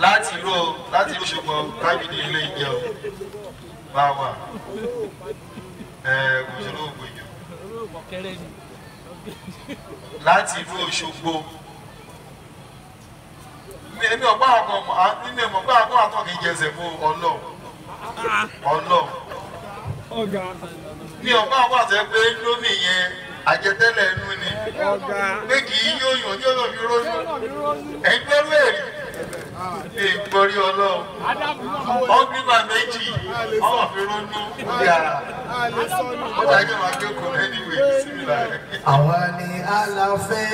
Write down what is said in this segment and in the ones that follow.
láti ró láti ró ṣùgbọ́n tábìlì ilé ìjẹ o bá wà ẹ òṣèlú ògbèjò láti ró Òṣogbo èmi ọ̀pá àkọ́ nínú ẹ̀mọ̀ ọ̀pá àkọ́ àtọ́ kì í jẹsẹ̀ fún ọlọ́ ọlọ́ ní ọ̀pá àkọ́ àtọ́ pé lómi yẹn àjẹtẹ́lẹ̀ ẹnu ni pé kì í yóyún ọjọ́ lọ́ọ́ fi rónú ẹgbẹ́rú ẹ̀rí ìgbọ́rí ọlọ́run ọgbìnbà méjì ọmọ fi ronú yàrá ó dájú máa jókòó lẹ́nu ìwé ìsìnlá rẹ̀. àwa ni àlàfẹ́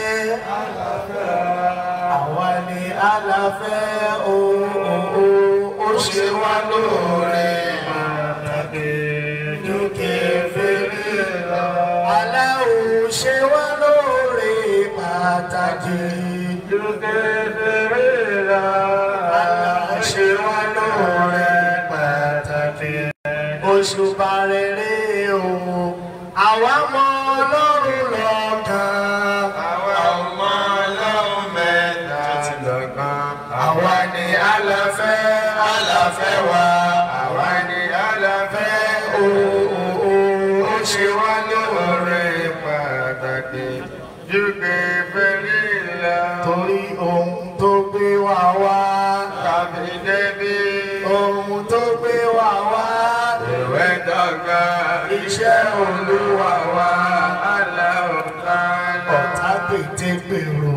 àwa ni àlàfẹ́ ó ṣe wá lóore aláwo ṣe wá lóore pàtàkì lọ aláṣẹwà lóore pàtàkì òṣùpá rere o àwa mọ ọlọ́run lọ́kàn. àwa ni àlàfẹ́ àlàfẹ́ wa àwa ni àlàfẹ́ o o o ṣe wá lóore. wà wá. Kàbí débi. Ohun tó gbé wà wá. Ìwé dọ́gba. Iṣẹ́ Olúwa wá. Aláwọ̀ká. Ọ̀tá tètè gbèrò.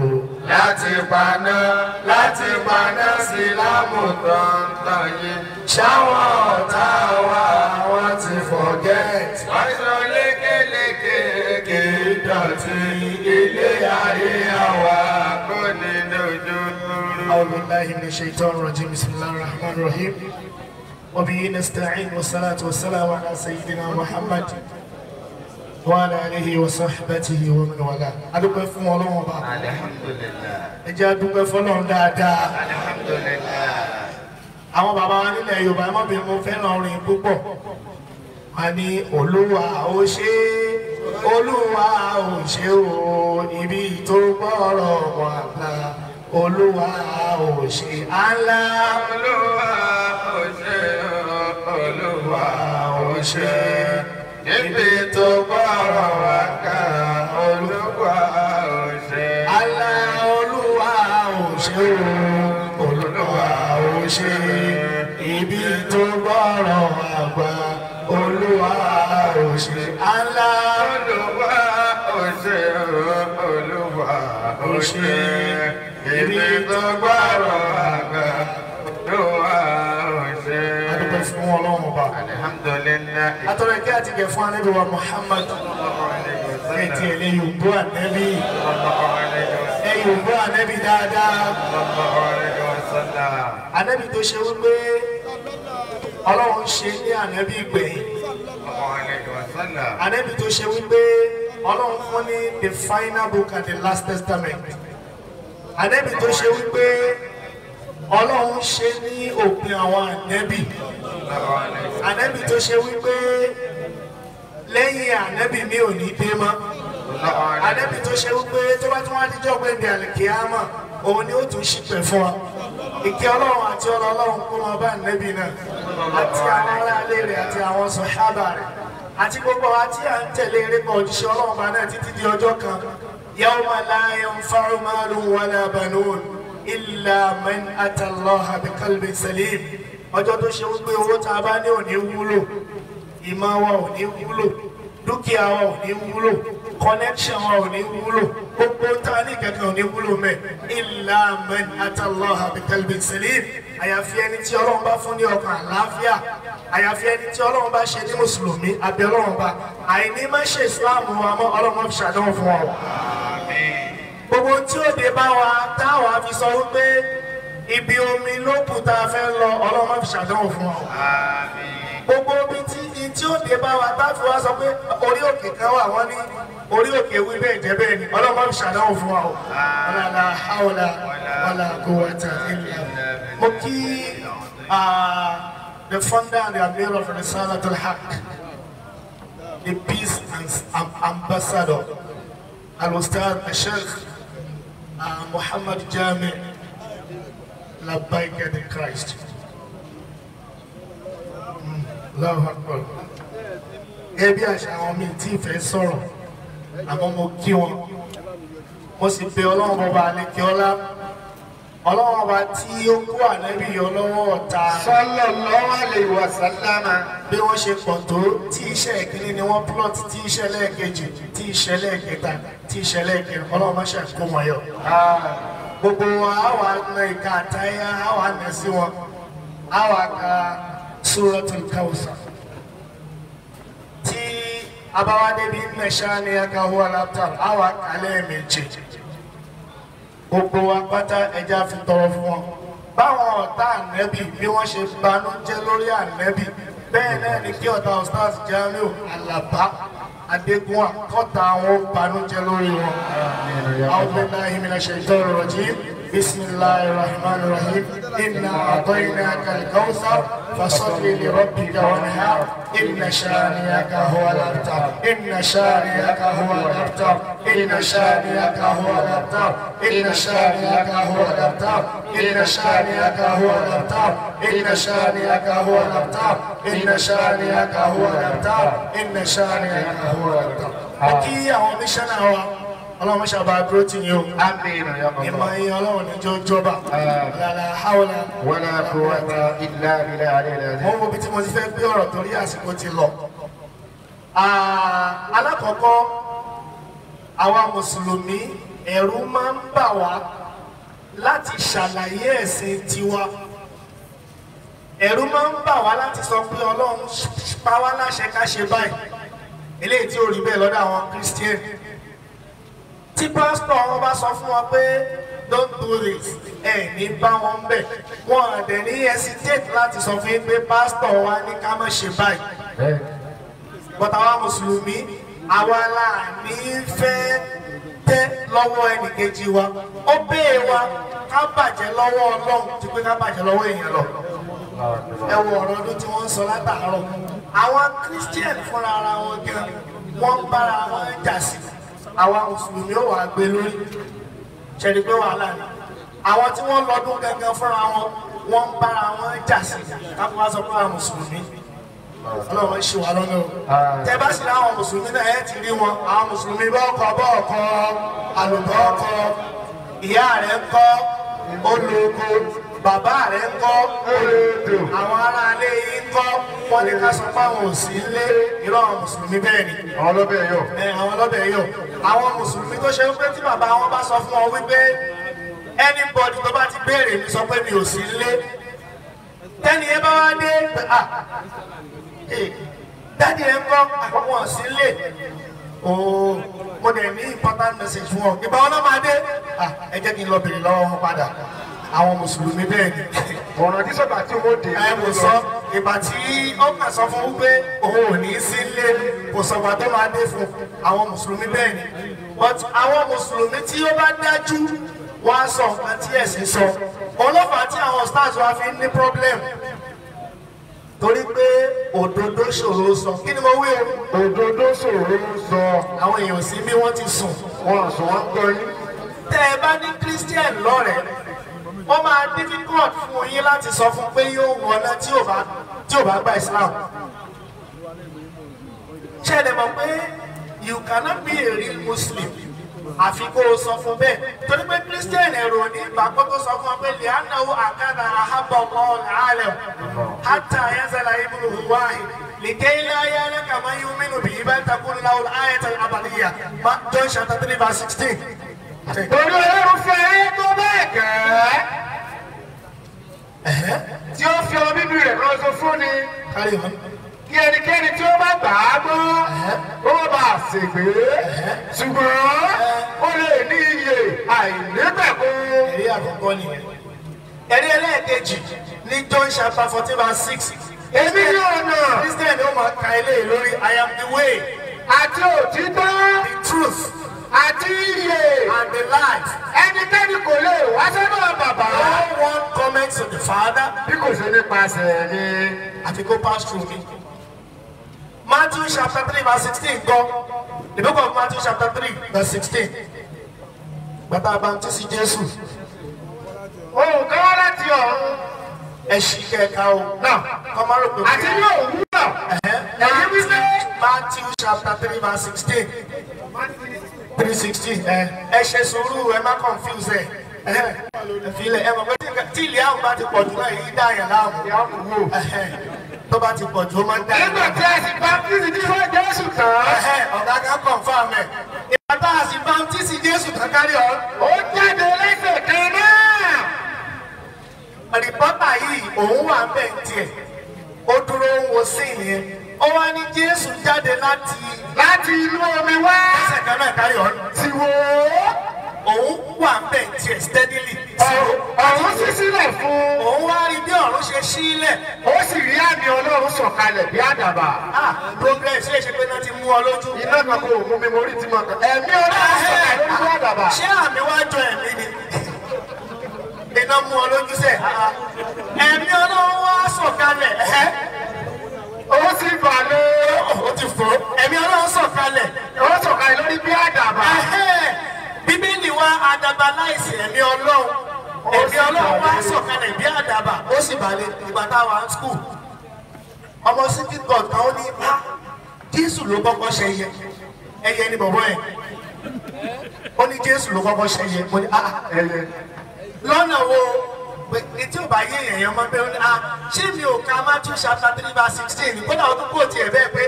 Láti paná, láti paná sí lámùtọ̀ntàn yìí. Ṣáwọn ọ̀tá wa, wọ́n ti forget. Wọ́n sọ lékeléke kì í dọ̀tí ilé ayé. أعوذ بالله من الشيطان الرجيم بسم الله الرحمن الرحيم وبه نستعين والصلاة والسلام على سيدنا محمد wàhálà àlehi wàsàbẹ̀tì ìwọ̀n wàlà. adúpẹ́ fún ọlọ́run ọba. alihamudulilayi. ẹ jẹ́ adúpẹ́ fọlọ́run dáadáa. alihamudulilayi. àwọn bàbá wa nílẹ̀ yorùbá ẹ má bínú mo fẹ́ràn orin púpọ̀. a ní olúwa ó ṣe olúwa ó ṣe o ibi tó gbọ́rọ̀ wà náà olúwa ò ṣe àlá. olúwa ò ṣe olúwa ò ṣe níbi tó gbọ́rọ̀ wá ká olúwa ò ṣe. àlá olúwa ò ṣe olúwa ò ṣe ibi tó gbọ́rọ̀ wá gbà olúwa ò àlá. olúwa ò olúwa ò ibi tó gbọ́rọ̀ àgbà ló wà ọ̀ṣẹ́. adúpẹ́ fún wọn lọ́wọ́ ọba. alihamudulilayi. atọ́rọ kí a ti gẹ̀ fún anábì wa muhammad. ẹ̀tì ẹ̀ lè yòǹbó ànábì. ẹ̀ yòǹbó ànábì dáadáa. ànábì tó ṣe wípé ọlọ́run ṣe ní ànábì gbẹ̀yìn. ànábì tó ṣe wípé ọlọ́run fún ní the final book and the last testament ànẹ́bì tó ṣe wípé ọlọ́run ṣe ní òpin àwọn ànẹ́bì ànẹ́bì tó ṣe wípé lẹ́yìn ànẹ́bì mi ò ní dé mọ́ ànẹ́bì tó ṣe wípé tó bá tún wá díjọ́ gbẹ̀ndẹ̀ àlìkíyàmọ̀ òun ni ó tún ṣìpẹ̀ fún wa ìkẹ́ ọlọ́run àti ọlọ́run kó máa bá ànẹ́bì náà àti àwọn aráalé rẹ̀ àti àwọn sọ̀hábà rẹ̀ àti gbogbo àti à ń tẹ̀lé eré kan òjíṣẹ́ ọlọ́run bá náà títí di ọjọ́ kan يوم لا ينفع مال ولا بنون إلا من أتى الله بقلب سليم ọjọ́ tó ṣe wípé owó tá a bá ní òní wúlò ìmọ̀ wa òní wúlò dúkìá wa òní wúlò connection wa òní wúlò gbogbo tá a ní kankan òní wúlò mẹ́ إلا من أتى الله بقلب سليم àyàfi ẹni tí ọlọ́run bá fún ní ọkàn àlàáfíà àyàfi ẹni tí ọlọ́run bá ṣe ní mùsùlùmí àbí ọlọ́run bá àìní má ṣe islam wa mọ́ ọlọ́run ṣàdánwò fún wa gbogbo tí òde bá wa táwa fi sọ wípé ibi omi ló kù tá a fẹ́ lọ ọlọ́mọ fi ṣàdánwò fún wa gbogbo omi tí tí òde bá wa táfi wá sọ pé orí òkè kan wà wọ́n ní orí òkè wí bẹ́ẹ̀ jẹ́ bẹ́ẹ̀ ni ọlọ́mọ fi ṣàdánwò fún wa ọ̀làlà àwọ̀là ọ̀là àgọ́wàtà ìlà mo kí the founder and the mayor of Risalat al-Haq, the peace and ambassador. الأستاذ الشيخ محمد جامع لبيك the Christ الله أكبر ẹbí àṣà àwọn míì tí ìfẹ́ sọ̀rọ̀ àmọ́ mo kí wọn mo sì bẹ̀ ọlọ́run bọba àlekè ọlá ọlọ́wọ́ ọba tí ó kó ànábì ọlọ́wọ́ ọ̀tá. sallallahu alaihi wasallam. bí wọ́n ṣe pọ̀ tó tí iṣẹ́ ìkíní ni wọ́n plot tí iṣẹ́ lẹ́ẹ̀kejì tí iṣẹ́ lẹ́ẹ̀kẹta tí iṣẹ́ lẹ́ẹ̀kẹrin ọlọ́wọ́ máa ṣe wọn yọ. gbogbo wọn á wà na ìka àtayá á wà nà sí wọn á wà ka suratul Kawthar. tí abáwádé bí ń mẹ̀ṣá ni ẹ̀ka owó aláptà á wà kálẹ̀ méjèèjì gbogbo wa pátá ẹja fi tọrọ fún wọn báwọn ọ̀tá ànẹ́bì bí wọ́n ṣe banújẹ́ lórí ànẹ́bì bẹ́ẹ̀ náà ni kí ọ̀tá Ustaz Jamiu Alaba Adegunwa kọ́ta àwọn banújẹ́ lórí wọn. àwọn ọmọ náà ìmìlẹ̀ ṣe ìtọ́rọ̀ rọ̀ بسم الله الرحمن الرحيم إنا أعطيناك الكوثر فصل لربك وانهار إن شانئك هو الأبتر إن شانئك هو الأبتر إن شانئك هو الأبتر إن شانئك هو الأبتر إن شانئك هو الأبتر إن شانئك هو الأبتر إن شانئك هو الأبتر إن شانئك هو الأبتر أكيد هو مش أنا ọlọ́run ṣàbà dúró tì yín o. Allah. ìmọ̀ yín ọlọ́run ní jọ jọba. lala hawla. wala quwwata illa billah àlẹ́ mo wo bí tí mo ti fẹ́ gbé ọ̀rọ̀ torí àsìkò ti lọ. alákọ̀ọ́kọ́ àwa mùsùlùmí ẹ̀rù máa ń bà wá láti ṣàlàyé ẹ̀sìn tiwa ẹ̀rù máa ń bà wá láti sọ pé ọlọ́run pa wá láṣẹ ká ṣe báyìí eléyìí tí ò rí bẹ́ẹ̀ lọ́dọ̀ àwọn kírísítíẹ̀nì tí pásítọ̀ wọn bá sọ fún wọn pé don't do this ẹ ní bá wọn bẹ̀ wọn àdẹ̀ ní hesitate láti sọ fún yín pé pásítọ̀ wa ní ká má ṣe báyìí bọ́tà wa mùsùlùmí àwa la ní fẹ́ tẹ́ lọ́wọ́ ẹnìkejì wa ó bẹ́ẹ̀ wa ká bàjẹ́ lọ́wọ́ ọlọ́run ti pé ká bàjẹ́ lọ́wọ́ èèyàn lọ ẹ wo ọ̀rọ̀ ọdún tí wọ́n ń sọ látàárọ̀ àwọn christian fúnra ara wọn gan wọ́n ń bára wọn jà sí i àwa mùsùlùmí ò wà gbé lórí ṣẹ̀rí pé wàhálà ni àwọn tí wọ́n lọ́dún gangan fúnra wọn wọ́n ń bára wọn jà sí káfí wá sọ pé àwọn mùsùlùmí ọlọ́run ń ṣe wà lọ́nà o tẹ bá sì láwọn mùsùlùmí náà ẹ ti rí wọn àwọn mùsùlùmí bọ́ọ̀kọ bọ́ọ̀kọ àlùbọ́ ọkọ ìyá rẹ̀ ń kọ́ ológo bàbá rẹ̀ ń kọ́ olódo àwọn ará ilé yìí ń kọ́ wọ́n ní ká sọ pé àwọn ò sí ilé irọ́ àwọn mùsùlùmí bẹ́ẹ̀ ni. àwọn ọlọ́bẹ̀ yọ àwọn mùsùlùmí tó ṣe wípé tí bàbá wọn bá sọ fún wọn wípé anybody tó bá ti béèrè mi sọ pé mi ò sí nílé tẹ́ni yẹn bá wá dé ah, eh, dáàdi yẹn kọ́ àkọ́kọ́ wọn sí nílé ooo oh, mo dẹ̀ ní important message fún ọ ìgbà wọn náà máa dé ah, ẹ jẹ́ kí n lọ bèrè lọ́wọ́ wọn padà àwọn mùsùlùmí bẹ́ẹ̀ ni. ọ̀rọ̀ dísọ̀gbà tí owó dé. ẹ mo sọ ìgbà tí ọkàn sọ fún wípé òun ò ní sí ilé kò sọ̀gbà tó máa dé fún àwọn mùsùlùmí bẹ́ẹ̀ ni. but àwọn mùsùlùmí tí ó bá dájú wọ́n á sọ nǹkan tí ẹ̀sìn sọ. ọlọ́pàá tí àwọn stars wa fi ń ní problem torí pé òdodo ṣòro sọ. kí ni mo wí o. òdodo ṣòro sọ. àwọn èèyàn sí bí wọ́n ti sùn. wọn àsùn wọn gbọ́ yín. tẹ́ ẹ bá ní christian lọ́rẹ̀ẹ́ ó máa difficult fún yín láti sọ fún pé yóò wọná tí ò bá tí ò bá gba Islam ṣé ẹ lè mọ̀ pé you cannot be a real Muslim àfi kó o sọ fún bẹ́ẹ̀ torí pé Christian ẹ̀rọ ní ìgbàgbọ́ tó sọ fún ọ pé lìánáwó àkàdà àhábọ̀mọ́ làálẹ̀ hátà ayẹ́sẹ̀lá ibùdó wáhì lìkẹ́yìnlá ayára kàmá yóò mẹ́nu bí ibà ń takùn láwùl ayẹ́tẹ̀ àbàlíyà má jọ́ ṣàtàtìrì bá sixteen. torí olórúfẹ́ tó bẹ́ẹ̀ kẹ́ tí ó fi ọmọ bíbí rẹ̀ lọ́sọ fún ni kí ẹnikẹ́ni tí ó bá gbà á gbọ́ ó bá ṣègbè ṣùgbọ́n ó lè ní iye àìnípẹ̀kun. ẹ̀rí àkọ́kọ́ ni ẹ̀rí ẹlẹ́ẹ̀kejì ní John chapter fourteen verse six. èmi ní ọ̀nà Christian ni ó máa ka eléyìí lórí I am the way. àti òtítọ́. the truth àti iye and the light. ẹnikẹ́ni kò lè wá sọ́dọ̀ bàbá. no one comments on the father. bí kò ṣe nípasẹ̀ ni àfi kó pass through me. Matthew chapter three verse sixteen gbọ́ the book of Matthew chapter three verse sixteen bàbá bàntísì Jésù. ohun kan wá láti ọ̀run. ẹ ṣí kẹka o. náà kọ́mọ́ rò pé. àti ní òwúrọ̀. ẹ̀yin wípé. Matthew chapter three verse sixteen three sixty ẹ eh, ẹ ṣe sùúrù ẹ má confuse ẹ ẹfilẹ ẹ mọ̀ pé tí ilé àwọn bá ti pọ̀ jù náà yìí dáyà láàmú wò tó bá ti pọ̀ jù ó máa ń dáyà. nígbà tí a sì bá bísí nífọ̀ jésù tán. ọ̀gá kan confirm ẹ̀ ìgbà tá a sì bá bísí jésù tán kárí ọ. ó jáde lẹ́sẹ̀ kan náà. rìpọ́tà yìí òun wà ń bẹ̀ ń tiẹ̀ ó dúró ń wo sí ìyẹn ó wá ní Jésù jáde láti. láti inú omi wá. ẹsẹ̀ kan náà káyọ̀ ti wò ó. òun wà ń bẹ̀ tiẹ̀ steadily. ọ̀run ṣí sílẹ̀ fún. òun wá rí bí ọ̀run ṣe sílẹ̀. ó sì rí àmì Ọlọ́run sọ̀kalẹ̀ bí àdàbà. progress ṣe é ṣe pé náà ti mú ọ lójú. iná kan kò mú mi mo rí tí mo kàn. ẹ̀mí Ọlọ́run sọ̀kalẹ̀ lórí àdàbà. ṣé àmì wá jọ ẹ̀mí ni iná mú ọ lójú sẹ ẹ̀mí Ọlọ́run wá sọ̀kalẹ̀ owó sì bà lé ó ti fò ẹ̀mí ọlọ́run sọ̀kalẹ̀ owó sọ̀kalẹ̀ lórí bí àdàbà. bíbélì wa àdàbà láìsí ẹ̀mí ọlọ́run ẹ̀mí ọlọ́run wá sọ̀kalẹ̀ bí àdàbà ó sì bà lé ìgbà táwa ń skul ọmọ sikit god kan ó ní bá jésù ló kọ́kọ́ ṣe yẹ ẹyẹ ni bọ̀bọ̀ yẹn ó ní jésù ló kọ́kọ́ ṣe yẹ ó ah, lọ́nà wo pé tí ò bá yé èèyàn yẹn mọ́ pé ah ṣé mi ò ka Matthew chapter three verse sixteen kódà ọdún kò tiẹ̀ bẹ́ẹ̀ pé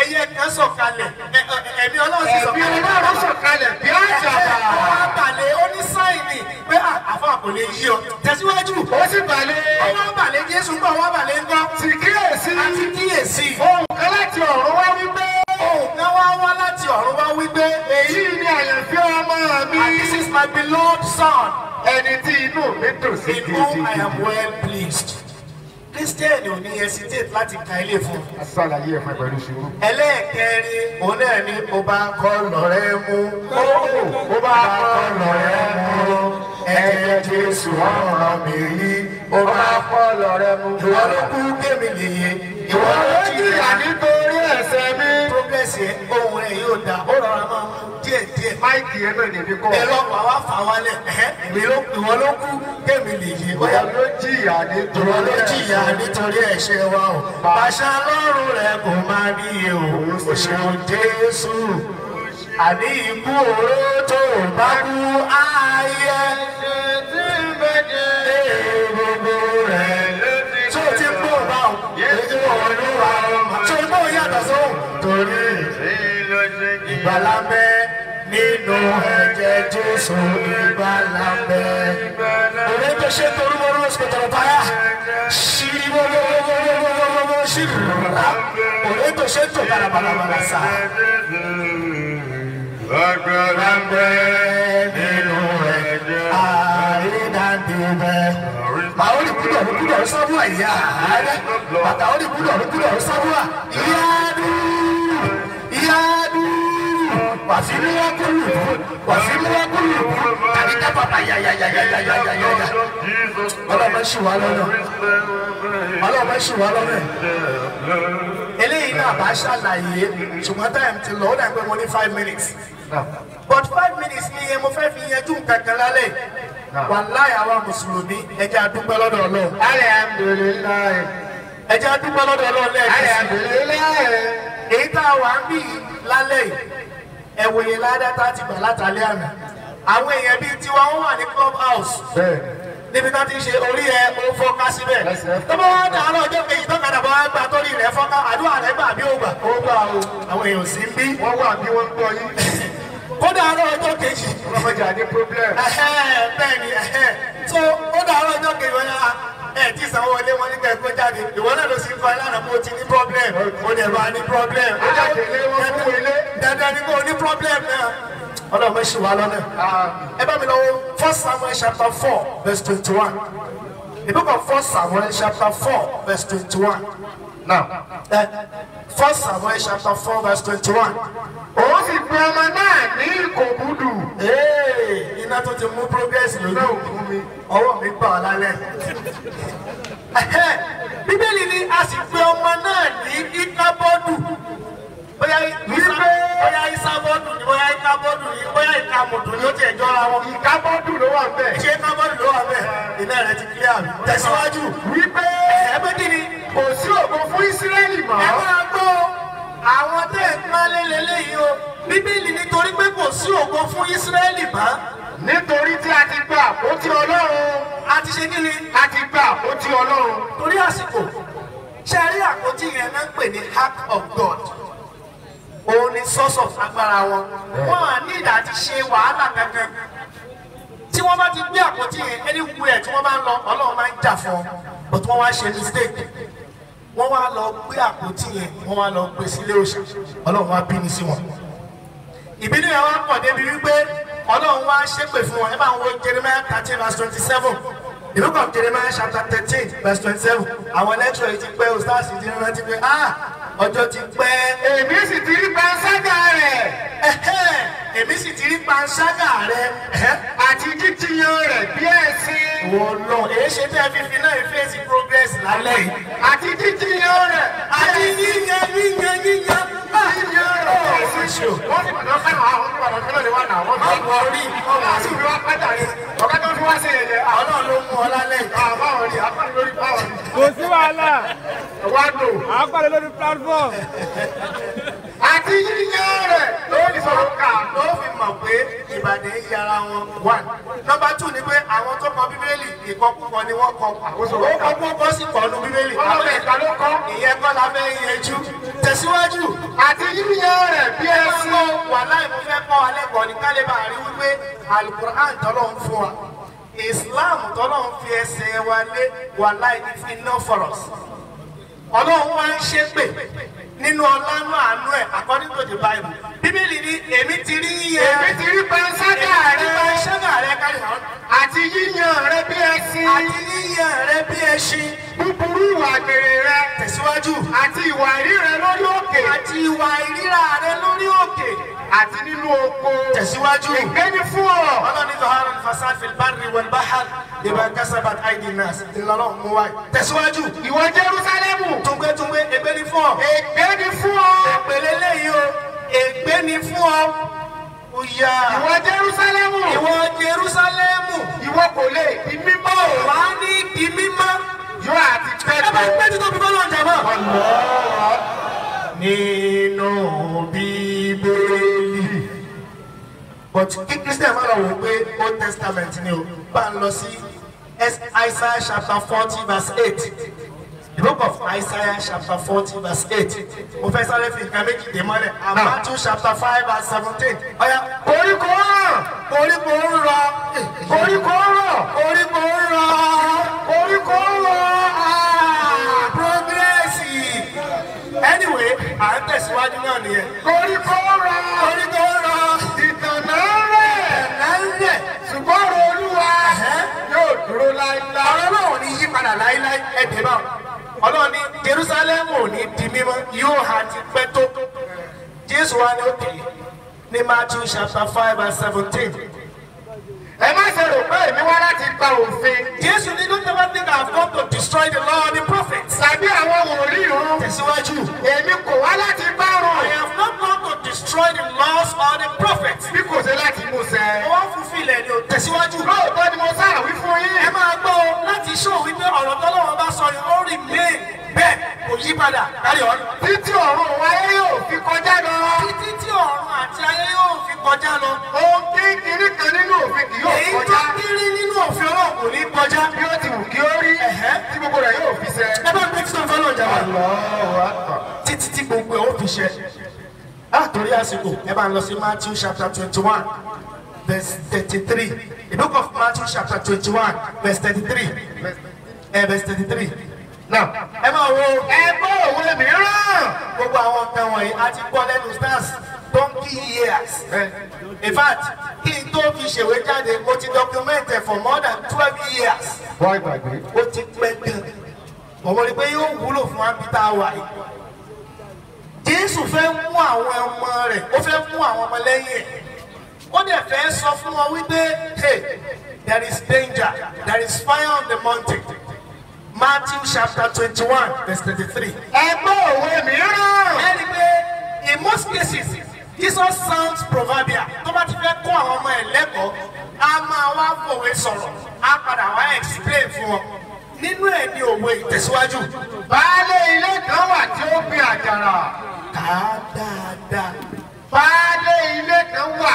ẹyẹ kan sọ̀kalẹ̀ ẹ̀mí ọlọ́run sì sọ̀kalẹ̀ ẹ̀mí ọlọ́run sọ̀kalẹ̀ bí ó jàmbá. ó bàlẹ̀ ó ní sáìnì pé ah, àfọ̀ kò lè yí ọ tẹ̀síwájú. ó sì bàlẹ̀. ọwọ́ bàlẹ̀ Jésù gbọ́ ọwọ́ bàlẹ̀ ń gbọ́. ti kíyèsí. àti kíyèsí. ohun kan láti ọ̀run wá wípé náà wá wá láti ọ̀run wá wípé. èyí ni àyànfẹ́ ọmọ mi. and this is my beloved son. ẹni tí inú mi dùn sí ti ti ti. in whom I am well pleased. Christian ò ní hesitate láti ka ilé fún. Àṣàlàyé ẹ̀fọn pẹ̀lú ṣòro. Ẹlẹ́ẹ̀kẹrin òun náà ni mo bá kọ́ lọ́rẹ́ mú. Mo bá kọ́ lọ́rẹ́ mú. Ẹ̀jẹ̀ Jésù ọ̀ràn mi yí. Mo bá kọ́ lọ́rẹ́ mú. Ìwọ́n ló kú kémi nìyí ìwọ ló jìyà nítorí ẹ̀ṣẹ̀ mi. progress yẹn ohun rẹ yóò da ó rọra máa mú díẹ̀ díẹ̀. máìkì yẹn náà níbi kọ́. ẹ lọ pa wá fà wálẹ̀ ìwọ ló kú kémi lè yé. ìwọ ló jìyà nítorí ló jìyà nítorí ẹ̀ṣẹ̀ wa o. pàṣẹ lọ́rùn rẹ kò máa bí iye o. Jésù. àní ikú oró tó kú ayé. torí ìgbàlà ń bẹ nínú ẹ̀jẹ̀ Jésù ìgbàlà ń bẹ. Oreke ṣe torí mọ́rọ́ sọ̀tọ̀rọ̀ báyà ṣírí wọ́wọ́wọ́wọ́wọ́wọ́ ṣírí rà oreke ṣe tó bára bára bára sá. Ìgbàlà nínú ẹ̀jẹ̀ àrídàndínlẹ̀ sábúà ìyá àárẹ̀ bàtà ó ní búdọ̀rú búdọ̀rú sábúà ìyá dúró ìyá dúró wàsílúwà kúlù wàsílúwà kúlù tàbí dábàá bá yàyàyàyàyàyàyà ọlọ́mọ ṣì wà lọ́nà ọlọ́mọ ṣì wà lọ́nà eléyìí náà bá ṣàlàyé ṣùgbọ́n táyà ti lọ ó dà pé mo ní five minutes but five minutes ni iye mo fẹ́ fi yanjú nǹkan kan lálẹ́ wàláyé àwa mùsùlùmí ẹ jẹ́ a dúpẹ́ lọ́dọ̀ Ọlọ́run. alihamudulilayi. ẹ jẹ́ a dúpẹ́ lọ́dọ̀ Ọlọ́run lẹ́ẹ̀kan sí. alihamudulilayi. èyí tá a wà ń bì lálẹ́ yìí ẹ̀wòye ládàá tá ti gbà látàlẹ́ àná àwọn èèyàn bíi tiwa wọn wà ní club house. bẹ́ẹ̀ níbi tó ti ṣe orí ẹ o fọ́nká síbẹ̀. tó bá wá dà lọ ọjọ́ kejì tó kàdà bọ́ ẹgbà tó rí rẹ̀ fọ́nká àdúrà rẹ̀ kódà àárọ̀ ọjọ́ kejì. ọlọ́mọdé àdé problem. bẹ́ẹ̀ ni so kódà àárọ̀ ọjọ́ kejì wọ́n yára ah, ẹ ti sanwó wọlé wọn nígbà ẹgbẹ́ jáde ìwọ náà ló sì ń fa ìlànà kó o ti ní problem o dẹ̀ bá ní problem. ó jáde lé wọn fún ilé. dandan ni kò ní problem náà. ọlọ́mọ ṣì wà lọ́nà. ẹ bá mi lọ wo first samuel chapter four verse twenty one the book of first samuel chapter four verse twenty one now first samuel chapter four verse twenty one. òun sì pe ọmọ náà ní ìkòkúdù. iná tó ti mú progress lójú òkú mi ọwọ́ mi gbà ọ́ lálẹ́. bíbélì ni a sì pe ọmọ náà ní ìkábọ́dù bóyá wípé bóyá isa bọ́ọ̀dù ni bóyá ika bọ́ọ̀dù ni bóyá ika mùdù ni ó tiẹ̀ jọra wọn. ìka bọ́ọ̀dù ló wà bẹ́ẹ̀. ṣé ika bọ́ọ̀dù ló wà bẹ́ẹ̀ iná rẹ ti kílíà mi. tẹ̀síwájú wípé ẹ̀ẹ́dẹ́gìrì kò sí ògo fún Ísírẹ́lì mọ́. ẹ máa gbọ́ àwọn tẹ́ ẹ̀ pín alẹ́ lélẹ́yìí o bíbélì nítorí pé kò sí ògo fún Ísírẹ́lì mọ́ nítorí tí a ti gba àpótí ọlọ́run. a ti ṣe kí ni. a ti gba àpótí ọlọ́run. torí àsìkò ṣe rí àpótí yẹn náà ń pè ní ark of God òun ni source of agbára wọn wọn à ní ìdá àti ṣe wàhálà kankan tí wọ́n bá ti gbé àpótí yẹn anywhere tí wọ́n bá ń lọ ọlọ́run máa ń jà fún ọ but wọ́n wá ṣe mistake wọ́n wá lọ gbé àpótí yẹn wọ́n wá lọ gbé sílé òṣà ọlọ́run wá bínú sí wọn ìbínú yẹn wá pọ̀ débi wípé ọlọ́run wá ṣépè fún wọn ẹ bá ń wo Jeremiah thirteen verse twenty seven the book of Jeremiah chapter thirteen verse twenty seven àwọn lecturer yìí ti pẹ́ o stars yìí ti rántí pé ah ọjọ́ ti pẹ́. èmi sì ti rí panṣágà rẹ̀. èmi sì ti rí panṣágà rẹ̀. àti jíjiyàn rẹ̀ bí ẹ̀sìn. wọ́lọ́ èyí ṣe tẹ́ fífi náà ìfẹ́sì progress lálẹ́ yìí. àti jíjiyàn rẹ̀. àti yíyan yíyan yíyan yíyan rẹ̀. ọ̀sẹ̀ ṣe o. wọ́n ti pàdán fẹ́ràn àwọn ọmọ ọ̀dọ́ tó lè wà náà. wọ́n ti wọ orí ọmọ àti ìlú apẹ́tà yìí. ọ̀gá tó fi wá sí ẹ̀yẹ. àwọn náà ló mú ọ lálẹ́ yìí. àwọn ọ̀rẹ́ àpá bọ̀. àti yíyan rẹ̀ lórí sọ̀rọ̀kà ló fi mọ̀ pé ìbàdàn yára wọn wà. nọ́mbà tù ni pé àwọn tó kọ bíbélì ìkọkúkọ ni wọ́n kọ àkóso. ó kọ kókó sì kọ nu bíbélì. ọlọ́mọ ìka ló kọ́. ìyẹn kọ́ la fẹ́ yẹjú. tẹ̀síwájú. àti yíyan rẹ̀ bí ẹ sí. wàhálà ìmúfẹ́ kọ́ alẹ́ kọ́ ní kálíbà rí wípé alukur'an tọ́lọ́ ń fún wa islam tọ́lọ́ ń fi ẹsẹ̀ wa lé wàhálà ìdí iná for us ọlọ́run wá ń ṣépè nínú ọlá náà àánú ẹ̀ according to the Bible bíbélì ni èmi ti rí yíyẹ. èmi ti rí panṣágà rẹ. èmi ti rí panṣágà rẹ kárí hàn. àti yíyan rẹ bí ẹṣin. àti yíyan rẹ bí ẹṣin. búburú ìwà àgbèrè rẹ. tẹ̀síwájú. àti ìwà ìríra lórí òkè. àti ìwà ìríra rẹ lórí òkè. àti nínú oko. tẹ̀síwájú. ìgbẹ́ni fún ọ. ọlọ́ni zọ̀hárọ̀ fasad fil barri wal bahar bima kasabat aidi nas ìlànà mú wa. tẹ̀síwájú. ìwọ Jerúsálẹ́mù. tungbe tungbe ègbé ni fún ọ. ègbé fún ọ. èpèlélẹ́yìí o ègbé ni fún ọ òyà ìwọ Jerúsálẹ́mù ìwọ Jerúsálẹ́mù ìwọ kò lè di mímọ́ ò wá ní di mímọ́ yóò àti pẹ́ tó ẹ bá pẹ́ tó tóbi kọ́ lọ́njà mọ́. nínú bíbélì but kí Christian máa lọ wò pé Old Testament ni o bá ń lọ sí Isaiah chapter forty verse eight the book of Isaiah chapter forty verse eight mo fẹ́ sáré fi nǹkan méjì dé mọ́lẹ̀ Matthew chapter five verse seventeen ọ̀yà koríko ń rọ̀ koríko ń rọ̀ koríko ń rọ̀ koríko ń rọ̀ koríko ń rọ̀ progress anyway à ń tẹ̀síwájú náà nìyẹn. koríko ń rọ̀ koríko ń rọ̀ ìtànà rẹ̀ lẹ́lẹ̀ ṣùgbọ́n olúwa yóò dúró láéláé. ọ̀rọ̀ náà ò ní yí padà láéláé ẹ̀dẹ̀ báwọn ọlọ́run ní jerusalem ò ní di mímọ́ yóò hà ti pẹ́ tó jésù wa ni ó kì ní matthew chapter five and seventeen ẹ má ṣe rò pé èmi wá láti gba òfin. Jésù ní don't ever think I have come to destroy the law or the prophet. Tàbí àwọn wòlíì rún. Tẹ̀síwájú. Èmi kò wá láti bá rún. I have not come to destroy the laws or the prophets. Bí kò ṣe láti mú ṣẹ. Ó wá fún filẹ̀ ni o. Tẹ̀síwájú. Lóòótọ́ ni mo sáà wí fún yín. Ẹ máa gbọ́ o láti ṣó wípé ọ̀rọ̀ tọ́lọ́wọ́ bá sọ ni ó remain bẹ́ẹ̀ kò yí padà. Kárí ọ̀run. Títí ọ̀run wáyé yóò fi kọjá lọ tí ọ̀run àti ayé yóò fi kọjá lọ. ohun tí kiri kan nínú òfin kì yóò kọjá. èyí tó kiri nínú òfin ọlọ́run kò ní kọjá. bí ó ti wù kí ó rí tí gbogbo rẹ̀ yóò fi ṣẹ. ẹ bá gbé títún fọlọ́ ìjà wa. títí tí gbogbo ẹ̀ ó fi ṣẹ. àtòrí àsìkò ẹ bá ń lọ sí Matthew chapter twenty one verse thirty three the book of Matthew chapter twenty one verse thirty three eh, verse thirty three náà ẹ máa wo ẹ gbọ́ òwe mìíràn gbogbo àwọn nǹkan wọ̀nyí a ti gbọ́ lẹ́nu stars donkey years in fact kí n tó fi ṣèwé jáde mo ti document for more than twelve years ó ti pẹ́ gan ọ̀wọ́n ni pé yóò wúlò fún abita wa yìí Jésù fẹ́ mú àwọn ọmọ rẹ̀ ó fẹ́ mú àwọn ọmọ lẹ́yìn ẹ̀ ó dẹ̀ fẹ́ sọ fún wọn wípé hey there is danger there is fire on the mountain. Matthew chapter twenty-one verse thirty-three. Ẹ gbọ́ òwe mìíràn. Ẹni pé in most cases Jesus sounds proverbial. Tó bá ti fẹ́ kó àwọn ọmọ ẹ̀ lẹ́kọ̀ọ́, a máa wá fòwe sọ̀rọ̀, a padà wá explain fún wọn. Nínú ẹ̀ ni òwe ìtẹ̀síwájú. Baálé ilé kan wà tí ó gbin àjàrà. Kà á dáadáa. Baálé ilé kan wà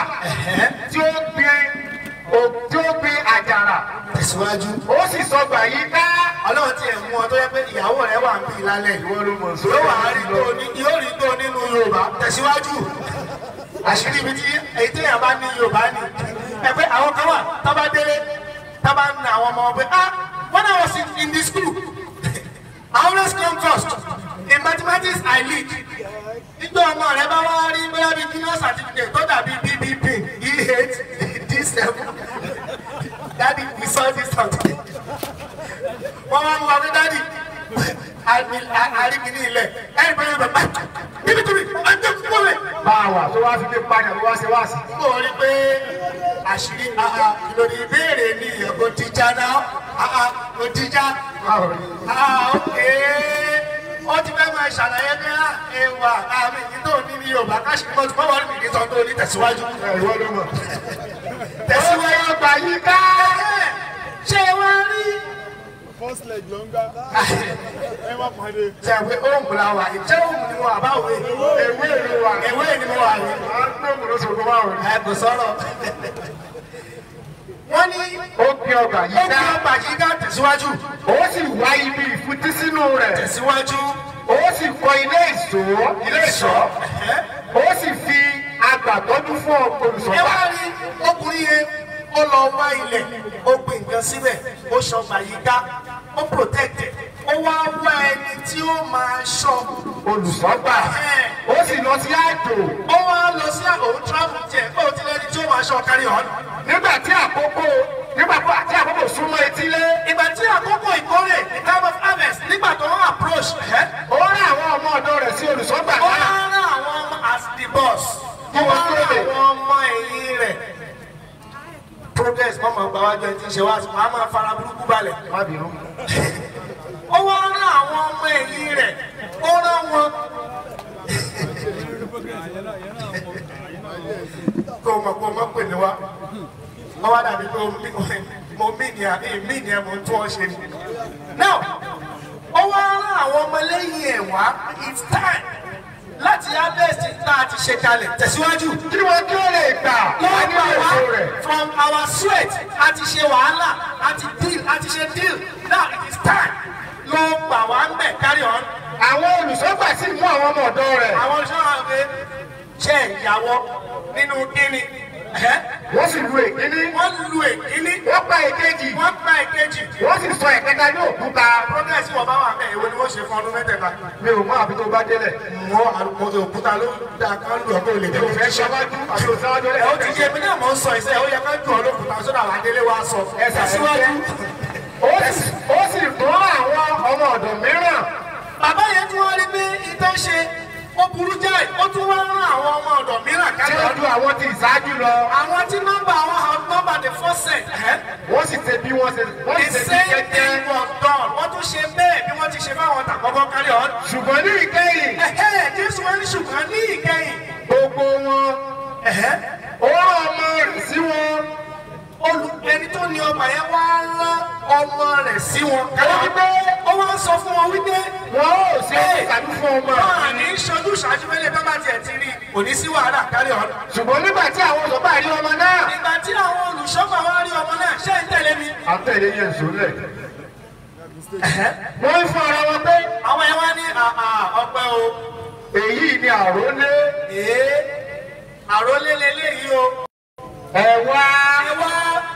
tí ó gbin àjàrà. Tẹ̀síwájú. Ó sì sọ gbàyíká ọlọ́run ẹ̀ mú ọ tó yẹ pé ìyàwó rẹ wà ń bì lálẹ́ yóò wà rí tó ní yóò rí tó nínú Yorùbá tẹ̀síwájú àṣírí ibi tí èyí tí èèyàn bá ní Yorùbá ni ẹ pé àwọn kan wà tábà délé tábà ń na àwọn ọmọ ọgbẹ́ ah when I was in, in the school I always come first in mathematics I lead nígbà ọmọ rẹ bá wá rí bóyá bíi junior certificate tó dàbí bbb e eight d seven. Daddy, we saw this on today. Wọ́n wá mú wa pé Daddy, àríbi ní ilẹ̀, ẹ̀rí bá yẹn bẹ̀ báyìí. Bíbí tóbi, ọjọ́ púpọ̀ rẹ̀. Báwa tó wá fi lè padà tó wá ṣe wá sí. Ah, you're pé àṣírí You're ah, ah, lórí ìbéèrè ni ìyẹ̀kọ́ tíjà náà. Àhà ah, mo tíjà. Àhà ókè. Ó ti fẹ́ máa ṣàlàyé pé á ẹwà àmì ìdí tó ní ní Yorùbá káṣí pọ̀ tó bá wà ní ìdí tó ń tẹ̀síwájú. ó yọgbà yí ká ṣé wọ́n rí. first leg ló ń gbá ah. ẹ má pàdé. jẹ̀wé òǹkù la wà jẹ́ òǹkù ni mo wà báwo ni ewé ni mo wà ewé ni mo wà ni. à ń gbé òǹkù lóṣù tó báwo ni. ẹ kò sọ̀rọ̀. wọ́n ní ó gbé ọgbà yí ká ó gbé ọgbà yí ká tẹ̀síwájú. ó sì wá ibi ìfutí sínú rẹ̀. tẹ̀síwájú. ó sì kọ ilé ìṣó. ilé ìṣó. ó sì fi agbàtọ́jú fún olùsọ̀tà. ẹ wá rí ọkùnrin yẹn ó lọ wá ilẹ̀ ó gbé nǹkan síbẹ̀ ó ṣọgbà yìí ká ó protect ó wá wá ẹni tí ó máa ṣọ́ olùsọ́gbà ó sì lọ sí àìtò. ó wá lọ sí òun travel jẹ pé òun ti lẹ́ni tí ó máa ṣọ́ kárí ọ̀n. nígbà tí àkókò nígbà tí àkókò súnmọ́ etílé. ìgbà tí àkókò ìkórè the time of harvest nígbà tó wọ́n approach. ó rán àwọn ọmọ ọ̀dọ́ rẹ̀ sí olùsọ́gbà náà. ó rán àwọn ọmọ as the boss. ó rán àwọn ọmọ ẹ̀yìn rẹ̀ progress mọ́ mọ́ gbàwá jọ ti ṣe wá sí màá máa fara burúkú balẹ̀. ó wá rán àwọn ọmọ ẹ̀yìn rẹ̀ ó rán wọn. kó o mọ̀ kó o mọ̀ pè ní wa wọ́n wá dàbí pé mo mí ni àbí mí ni ẹ̀ mo tún ọ ṣe. now ó wá rán àwọn ọmọ lẹ́yìn ẹ̀ wá it's time láti harvest tá a ti ṣe kalẹ̀ tẹ̀síwájú. kí wọ́n kí ó lè gbà láti wá from our sweat a ti ṣe wàhálà a ti deal a ti ṣe deal now it is time ló gbà wá ń bẹ̀ carry on. àwọn olùsọ́gbà sì mú àwọn ọmọ ọ̀dọ́ rẹ̀. àwọn olùsọ́gbà ṣe ìyàwó nínú kíni wọ́n sì lu èkíní. wọ́n lu èkíní. wọ́n pa èkejì. wọ́n pa èkejì. wọ́n sì sọ ẹ̀kẹta ní òkúta. progress wọ̀ bá wà bẹ́ẹ̀ èwo ni wọ́n ṣe fún ọdún mẹ́tẹ̀ẹ̀ta. mi ò mọ àbí tó bá délẹ̀. mọ àlùkò òkúta ló da kán lù ọ́ lè tó fẹ́ ṣọwájú àti òṣèwájú rẹ̀. ó ti ṣe mí náà mọ̀ ń sọ iṣẹ́ ó yẹ ká jù ọ́ lókùtà sódà wà délé wa sọ. ẹ ó sì fún àwọn ọmọ ọ̀dọ̀ mìíràn. bàbá yẹn tí wọ́n rí bí itán ṣe ó burú jáì ó tún wá rán àwọn ọmọ ọ̀dọ̀ mìíràn kálẹ̀. ṣé ọdún àwọn ti ìṣáájú lọ. àwọn tí nọ́mbà àwọn nọ́mbà the first set. wọ́n sì ṣe bí wọ́n ṣe wọ́n sì ṣe bí wọ́n ṣe wọ́n dán wọ́n tún ṣe bẹ́ẹ̀ bí wọ́n ti ṣe fáwọn tàkọ́kọ́ kálẹ̀ ọ́. ṣùgbọ́n ní ìkẹyìn. jésù wọn ní ṣùgbọ́n ní ìkẹyìn. gbogbo wọn. ó rán ọmọ rẹ̀ sí wọn ẹni tó ní ọgbà yẹn wá rán ọmọ rẹ̀ sí wọn. kàlẹ́ wípé ó wá sọ fún wọn wípé wọn ò ṣe ìṣàdú fún ọmọ. wọn à ní ṣojú ṣáájú mẹ́lẹ̀ bábà tiẹ̀ ti rí kò ní sí wàhálà kárí ọ̀dọ̀. ṣùgbọ́n nígbà tí àwọn olùṣọ́gbà rí ọmọ náà. nígbà tí àwọn olùṣọ́gbà wá rí ọmọ náà ṣé ń tẹ̀lé mi. a ń tẹ̀lé yẹn sólẹ̀ wọ́n fún ara wọn pé. àwọn ẹ̀ ní ọpẹ́ o. èyí ni àrólé. àrólé lélẹ́yìí o. ẹ wá. ẹ wá